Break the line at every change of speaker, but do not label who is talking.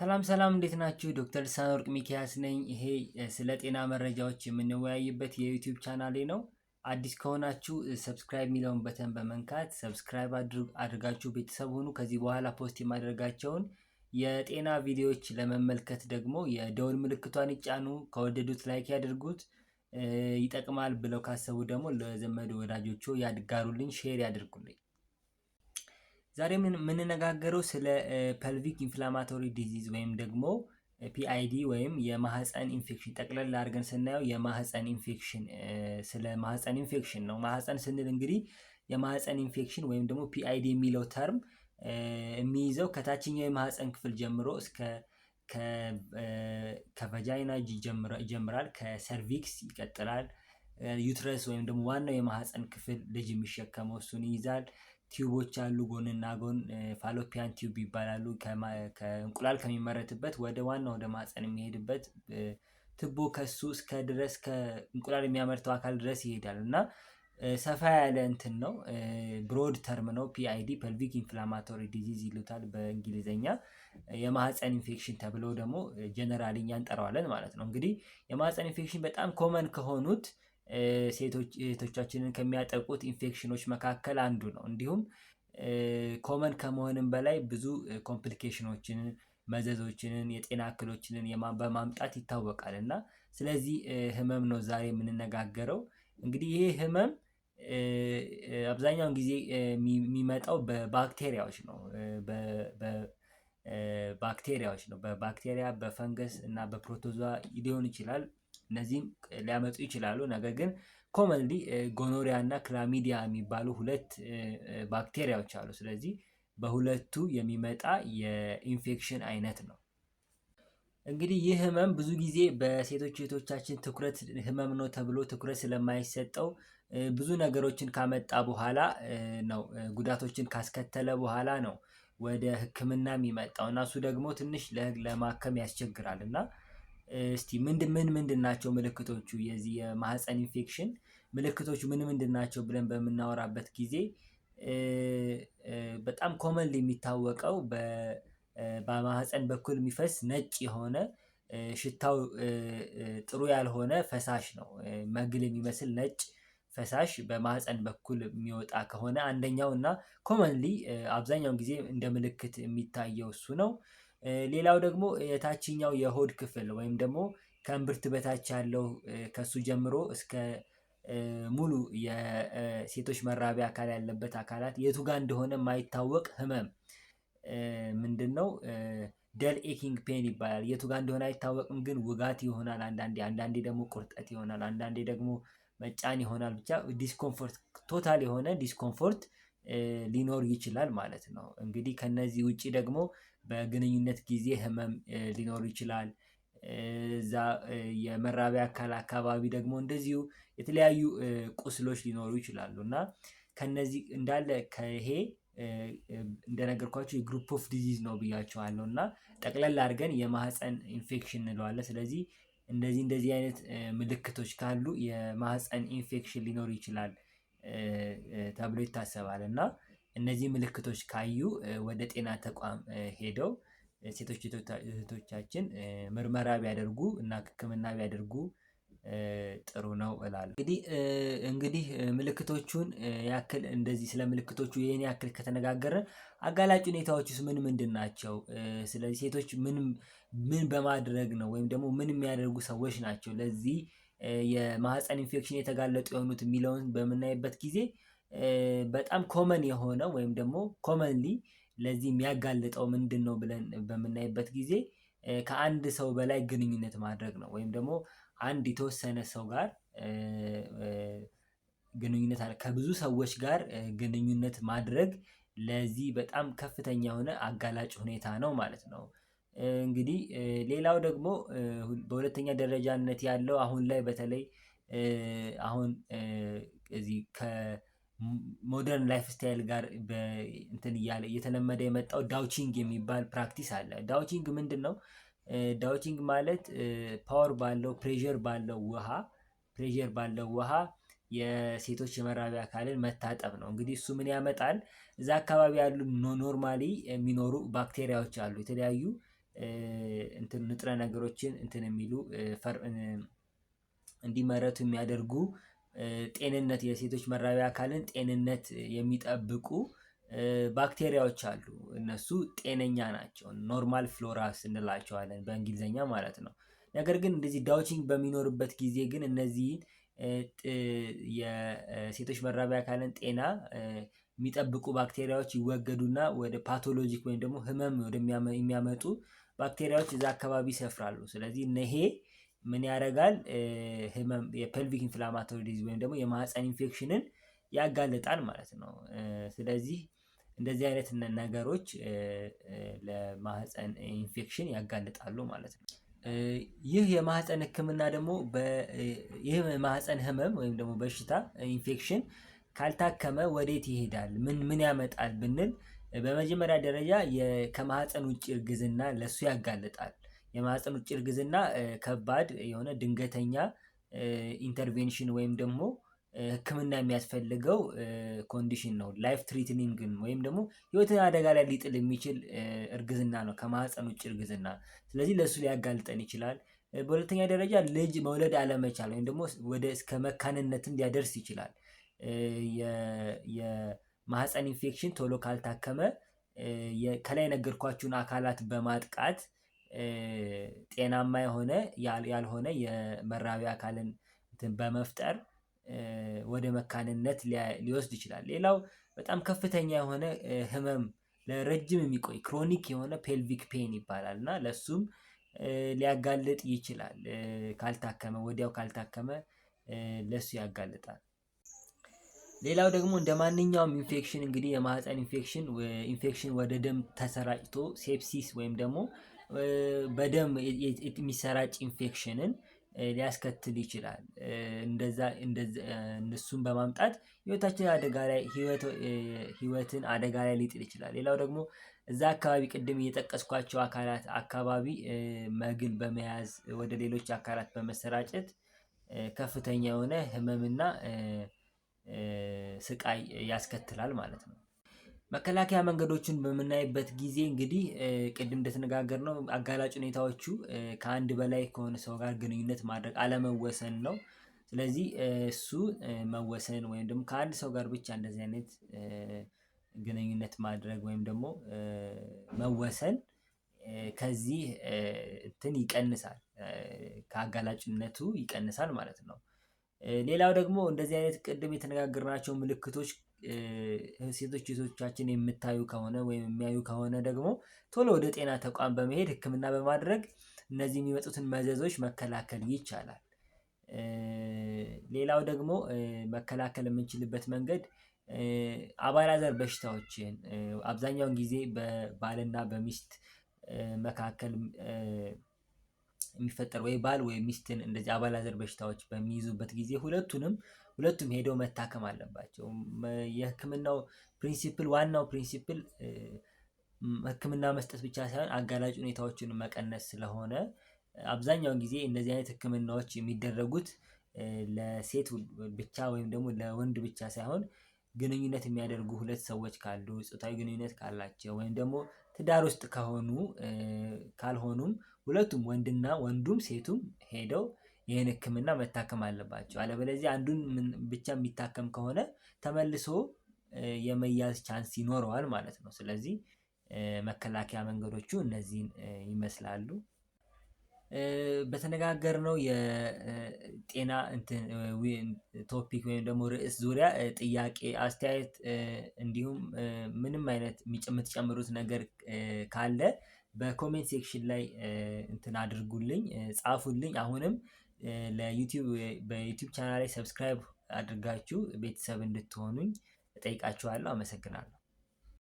ሰላም ሰላም እንዴት ናችሁ? ዶክተር ወርቅ ሚኪያስ ነኝ። ይሄ ስለ ጤና መረጃዎች የምንወያይበት የዩቲዩብ ቻናሌ ነው። አዲስ ከሆናችሁ ሰብስክራይብ የሚለውን በተን በመንካት ሰብስክራይብ አድርጋችሁ ቤተሰብ ሁኑ። ከዚህ በኋላ ፖስት የማደርጋቸውን የጤና ቪዲዮዎች ለመመልከት ደግሞ የደውል ምልክቷን ይጫኑ። ከወደዱት ላይክ ያድርጉት። ይጠቅማል ብለው ካሰቡ ደግሞ ለዘመዱ ወዳጆቹ ያድጋሩልኝ፣ ሼር ያድርጉልኝ። ዛሬ የምንነጋገረው ስለ ፐልቪክ ኢንፍላማቶሪ ዲዚዝ ወይም ደግሞ ፒአይዲ ወይም የማህፀን ኢንፌክሽን ጠቅለል አድርገን ስናየው የማህፀን ኢንፌክሽን ስለ ማህፀን ኢንፌክሽን ነው። ማህፀን ስንል እንግዲህ የማህፀን ኢንፌክሽን ወይም ደግሞ ፒአይዲ የሚለው ተርም የሚይዘው ከታችኛው የማህፀን ክፍል ጀምሮ እስከ ከቫጃይና ይጀምራል፣ ከሰርቪክስ ይቀጥላል። ዩትረስ ወይም ደግሞ ዋናው የማህፀን ክፍል ልጅ የሚሸከመው እሱን ይይዛል። ቲዩቦች አሉ ጎንና ጎን ፋሎፒያን ቲዩብ ይባላሉ ከእንቁላል ከሚመረትበት ወደ ዋና ወደ ማፀን የሚሄድበት ትቦ ከሱ እስከ ድረስ ከእንቁላል የሚያመርተው አካል ድረስ ይሄዳል እና ሰፋ ያለ እንትን ነው። ብሮድ ተርም ነው ፒአይዲ ፐልቪክ ኢንፍላማቶሪ ዲዚዝ ይሉታል በእንግሊዘኛ። የማህፀን ኢንፌክሽን ተብሎ ደግሞ ጀነራል እኛ እንጠራዋለን ማለት ነው። እንግዲህ የማህፀን ኢንፌክሽን በጣም ኮመን ከሆኑት ሴቶቻችንን ከሚያጠቁት ኢንፌክሽኖች መካከል አንዱ ነው። እንዲሁም ኮመን ከመሆንም በላይ ብዙ ኮምፕሊኬሽኖችንን መዘዞችንን የጤና እክሎችንን በማምጣት ይታወቃል። እና ስለዚህ ህመም ነው ዛሬ የምንነጋገረው እንግዲህ ይሄ ህመም አብዛኛውን ጊዜ የሚመጣው በባክቴሪያዎች ነው። ባክቴሪያዎች ነው በባክቴሪያ በፈንገስ እና በፕሮቶዛ ሊሆን ይችላል እነዚህም ሊያመጡ ይችላሉ። ነገር ግን ኮመንሊ ጎኖሪያ እና ክላሚዲያ የሚባሉ ሁለት ባክቴሪያዎች አሉ። ስለዚህ በሁለቱ የሚመጣ የኢንፌክሽን አይነት ነው። እንግዲህ ይህ ህመም ብዙ ጊዜ በሴቶች ሴቶቻችን ትኩረት ህመም ነው ተብሎ ትኩረት ስለማይሰጠው ብዙ ነገሮችን ካመጣ በኋላ ነው ጉዳቶችን ካስከተለ በኋላ ነው ወደ ህክምና የሚመጣው እና እሱ ደግሞ ትንሽ ለማከም ያስቸግራል እና እስቲ ምን ምንድን ናቸው ምልክቶቹ የዚህ የማህፀን ኢንፌክሽን ምልክቶቹ ምን ምንድን ናቸው ብለን በምናወራበት ጊዜ በጣም ኮመንሊ የሚታወቀው በማህፀን በኩል የሚፈስ ነጭ የሆነ ሽታው ጥሩ ያልሆነ ፈሳሽ ነው። መግል የሚመስል ነጭ ፈሳሽ በማህፀን በኩል የሚወጣ ከሆነ አንደኛው እና ኮመንሊ አብዛኛውን ጊዜ እንደ ምልክት የሚታየው እሱ ነው። ሌላው ደግሞ የታችኛው የሆድ ክፍል ወይም ደግሞ ከእምብርት በታች ያለው ከሱ ጀምሮ እስከ ሙሉ የሴቶች መራቢያ አካል ያለበት አካላት የቱ ጋር እንደሆነ የማይታወቅ ህመም ምንድነው? ደል ኤኪንግ ፔን ይባላል። የቱ ጋር እንደሆነ አይታወቅም፣ ግን ውጋት ይሆናል። አንዳንዴ አንዳንዴ ደግሞ ቁርጠት ይሆናል። አንዳንዴ ደግሞ መጫን ይሆናል። ብቻ ዲስኮምፎርት፣ ቶታል የሆነ ዲስኮምፎርት ሊኖር ይችላል ማለት ነው። እንግዲህ ከነዚህ ውጪ ደግሞ በግንኙነት ጊዜ ህመም ሊኖር ይችላል። እዛ የመራቢያ አካል አካባቢ ደግሞ እንደዚሁ የተለያዩ ቁስሎች ሊኖሩ ይችላሉ። እና ከነዚህ እንዳለ ከይሄ እንደነገርኳቸው የግሩፕ ኦፍ ዲዚዝ ነው ብያቸዋለሁ እና ጠቅለል አድርገን የማህፀን ኢንፌክሽን እንለዋለን። ስለዚህ እንደዚህ እንደዚህ አይነት ምልክቶች ካሉ የማህፀን ኢንፌክሽን ሊኖር ይችላል ተብሎ ይታሰባል። እና እነዚህ ምልክቶች ካዩ ወደ ጤና ተቋም ሄደው ሴቶች እህቶቻችን ምርመራ ቢያደርጉ እና ህክምና ቢያደርጉ ጥሩ ነው እላለሁ። እንግዲህ እንግዲህ ምልክቶቹን ያክል እንደዚህ ስለ ምልክቶቹ ይህን ያክል ከተነጋገረ አጋላጭ ሁኔታዎች ውስጥ ምን ምንድን ናቸው? ስለዚህ ሴቶች ምን ምን በማድረግ ነው ወይም ደግሞ ምን የሚያደርጉ ሰዎች ናቸው ለዚህ የማህፀን ኢንፌክሽን የተጋለጡ የሆኑት የሚለውን በምናይበት ጊዜ በጣም ኮመን የሆነው ወይም ደግሞ ኮመንሊ ለዚህ የሚያጋልጠው ምንድን ነው ብለን በምናይበት ጊዜ ከአንድ ሰው በላይ ግንኙነት ማድረግ ነው። ወይም ደግሞ አንድ የተወሰነ ሰው ጋር ግንኙነት ከብዙ ሰዎች ጋር ግንኙነት ማድረግ ለዚህ በጣም ከፍተኛ የሆነ አጋላጭ ሁኔታ ነው ማለት ነው። እንግዲህ ሌላው ደግሞ በሁለተኛ ደረጃነት ያለው አሁን ላይ በተለይ አሁን እዚህ ሞደርን ላይፍ ስታይል ጋር እንትን እያለ እየተለመደ የመጣው ዳውቺንግ የሚባል ፕራክቲስ አለ። ዳውቺንግ ምንድነው? ዳውቺንግ ማለት ፓወር ባለው ፕሬዠር ባለው ውሃ ፕሬዠር ባለው ውሃ የሴቶች የመራቢያ አካልን መታጠብ ነው። እንግዲህ እሱ ምን ያመጣል? እዛ አካባቢ ያሉ ኖርማሊ የሚኖሩ ባክቴሪያዎች አሉ የተለያዩ እንትን ንጥረ ነገሮችን እንትን የሚሉ እንዲመረቱ የሚያደርጉ ጤንነት የሴቶች መራቢያ አካልን ጤንነት የሚጠብቁ ባክቴሪያዎች አሉ እነሱ ጤነኛ ናቸው ኖርማል ፍሎራስ እንላቸዋለን በእንግሊዝኛ ማለት ነው። ነገር ግን እንደዚህ ዳውችንግ በሚኖርበት ጊዜ ግን እነዚህ የሴቶች መራቢያ አካልን ጤና የሚጠብቁ ባክቴሪያዎች ይወገዱና ወደ ፓቶሎጂክ ወይም ደግሞ ህመም የሚያመጡ ባክቴሪያዎች እዛ አካባቢ ይሰፍራሉ። ስለዚህ ነሄ ምን ያደርጋል? ህመም የፐልቪክ ኢንፍላማቶሪ ዲዚዝ ወይም ደግሞ የማህፀን ኢንፌክሽንን ያጋልጣል ማለት ነው። ስለዚህ እንደዚህ አይነት ነገሮች ለማህፀን ኢንፌክሽን ያጋልጣሉ ማለት ነው። ይህ የማህፀን ህክምና ደግሞ ይህ የማህፀን ህመም ወይም ደግሞ በሽታ ኢንፌክሽን ካልታከመ ወዴት ይሄዳል ምን ምን ያመጣል ብንል? በመጀመሪያ ደረጃ ከማህፀን ውጭ እርግዝና ለሱ ያጋልጣል የማህፀን ውጭ እርግዝና ከባድ የሆነ ድንገተኛ ኢንተርቬንሽን ወይም ደግሞ ህክምና የሚያስፈልገው ኮንዲሽን ነው። ላይፍ ትሪትኒንግ ወይም ደግሞ ህይወትን አደጋ ላይ ሊጥል የሚችል እርግዝና ነው ከማህፀን ውጭ እርግዝና። ስለዚህ ለእሱ ሊያጋልጠን ይችላል። በሁለተኛ ደረጃ ልጅ መውለድ አለመቻል ወይም ደግሞ ወደ እስከ መካንነትም ሊያደርስ ይችላል። የማህፀን ኢንፌክሽን ቶሎ ካልታከመ ከላይ የነገርኳችሁን አካላት በማጥቃት ጤናማ የሆነ ያልሆነ የመራቢያ አካልን በመፍጠር ወደ መካንነት ሊወስድ ይችላል። ሌላው በጣም ከፍተኛ የሆነ ህመም ለረጅም የሚቆይ ክሮኒክ የሆነ ፔልቪክ ፔን ይባላል እና ለእሱም ሊያጋልጥ ይችላል ካልታከመ ወዲያው ካልታከመ ለሱ ያጋልጣል። ሌላው ደግሞ እንደማንኛውም ኢንፌክሽን እንግዲህ የማህፀን ኢንፌክሽን ኢንፌክሽን ወደ ደም ተሰራጭቶ ሴፕሲስ ወይም ደግሞ በደም የሚሰራጭ ኢንፌክሽንን ሊያስከትል ይችላል። እንደዛ እነሱን በማምጣት ህይወታችን አደጋ ላይ ህይወትን አደጋ ላይ ሊጥል ይችላል። ሌላው ደግሞ እዛ አካባቢ ቅድም የጠቀስኳቸው አካላት አካባቢ መግን በመያዝ ወደ ሌሎች አካላት በመሰራጨት ከፍተኛ የሆነ ህመምና ስቃይ ያስከትላል ማለት ነው መከላከያ መንገዶችን በምናይበት ጊዜ እንግዲህ ቅድም እንደተነጋገር ነው። አጋላጭ ሁኔታዎቹ ከአንድ በላይ ከሆነ ሰው ጋር ግንኙነት ማድረግ አለመወሰን ነው። ስለዚህ እሱ መወሰን ወይም ደግሞ ከአንድ ሰው ጋር ብቻ እንደዚህ አይነት ግንኙነት ማድረግ ወይም ደግሞ መወሰን ከዚህ እንትን ይቀንሳል ከአጋላጭነቱ ይቀንሳል ማለት ነው። ሌላው ደግሞ እንደዚህ አይነት ቅድም የተነጋገርናቸው ምልክቶች ሴቶች እህቶቻችን የምታዩ ከሆነ ወይም የሚያዩ ከሆነ ደግሞ ቶሎ ወደ ጤና ተቋም በመሄድ ህክምና በማድረግ እነዚህ የሚመጡትን መዘዞች መከላከል ይቻላል። ሌላው ደግሞ መከላከል የምንችልበት መንገድ አባላዘር በሽታዎችን አብዛኛውን ጊዜ በባልና በሚስት መካከል የሚፈጠር ወይ ባል ወይ ሚስትን እንደዚህ አባላዘር በሽታዎች በሚይዙበት ጊዜ ሁለቱንም ሁለቱም ሄደው መታከም አለባቸው። የህክምናው ፕሪንሲፕል ዋናው ፕሪንሲፕል ህክምና መስጠት ብቻ ሳይሆን አጋላጭ ሁኔታዎችን መቀነስ ስለሆነ አብዛኛውን ጊዜ እነዚህ አይነት ህክምናዎች የሚደረጉት ለሴት ብቻ ወይም ደግሞ ለወንድ ብቻ ሳይሆን ግንኙነት የሚያደርጉ ሁለት ሰዎች ካሉ ጾታዊ ግንኙነት ካላቸው ወይም ደግሞ ትዳር ውስጥ ከሆኑ ካልሆኑም ሁለቱም ወንድና ወንዱም ሴቱም ሄደው ይህን ህክምና መታከም አለባቸው። አለበለዚያ አንዱን ብቻ የሚታከም ከሆነ ተመልሶ የመያዝ ቻንስ ይኖረዋል ማለት ነው። ስለዚህ መከላከያ መንገዶቹ እነዚህን ይመስላሉ። በተነጋገርነው የጤና ቶፒክ ወይም ደግሞ ርዕስ ዙሪያ ጥያቄ፣ አስተያየት እንዲሁም ምንም አይነት የምትጨምሩት ነገር ካለ በኮሜንት ሴክሽን ላይ እንትን አድርጉልኝ ጻፉልኝ አሁንም ለዩቲዩብ በዩቲዩብ ላይ ሰብስክራይብ አድርጋችሁ ቤተሰብ እንድትሆኑኝ እጠይቃችኋለሁ አመሰግናለሁ